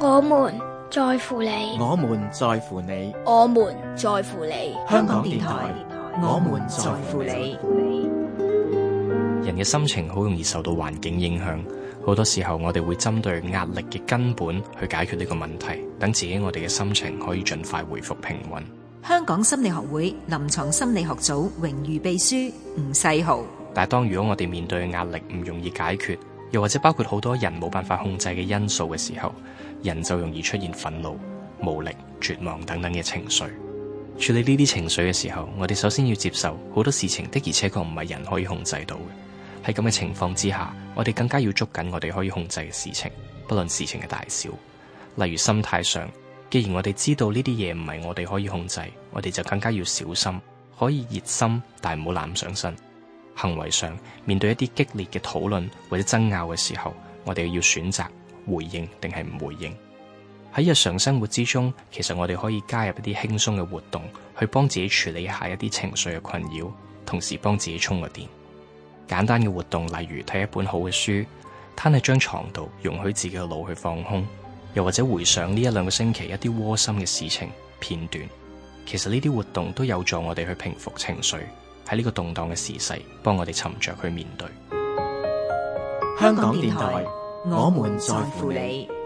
我們在乎你，我們在乎你，我們在乎你。香港電台，我們在乎你。人嘅心情好容易受到環境影響，好多時候我哋會針對壓力嘅根本去解決呢個問題，等自己我哋嘅心情可以盡快回復平穩。香港心理學會臨床心理學組榮譽秘書吳世豪。但係當如果我哋面對嘅壓力唔容易解決。又或者包括好多人冇辦法控制嘅因素嘅時候，人就容易出現憤怒、無力、絕望等等嘅情緒。處理呢啲情緒嘅時候，我哋首先要接受好多事情的而且確唔係人可以控制到嘅。喺咁嘅情況之下，我哋更加要捉緊我哋可以控制嘅事情，不論事情嘅大小。例如心態上，既然我哋知道呢啲嘢唔係我哋可以控制，我哋就更加要小心，可以熱心但係唔好攬上身。行為上，面對一啲激烈嘅討論或者爭拗嘅時候，我哋要選擇回應定係唔回應？喺日常生活之中，其實我哋可以加入一啲輕鬆嘅活動，去幫自己處理下一啲情緒嘅困擾，同時幫自己充個電。簡單嘅活動，例如睇一本好嘅書，攤喺張床度，容許自己嘅腦去放空，又或者回想呢一兩個星期一啲窩心嘅事情片段。其實呢啲活動都有助我哋去平復情緒。喺呢個動盪嘅時勢，幫我哋沉着去面對。香港電台，我們在乎你。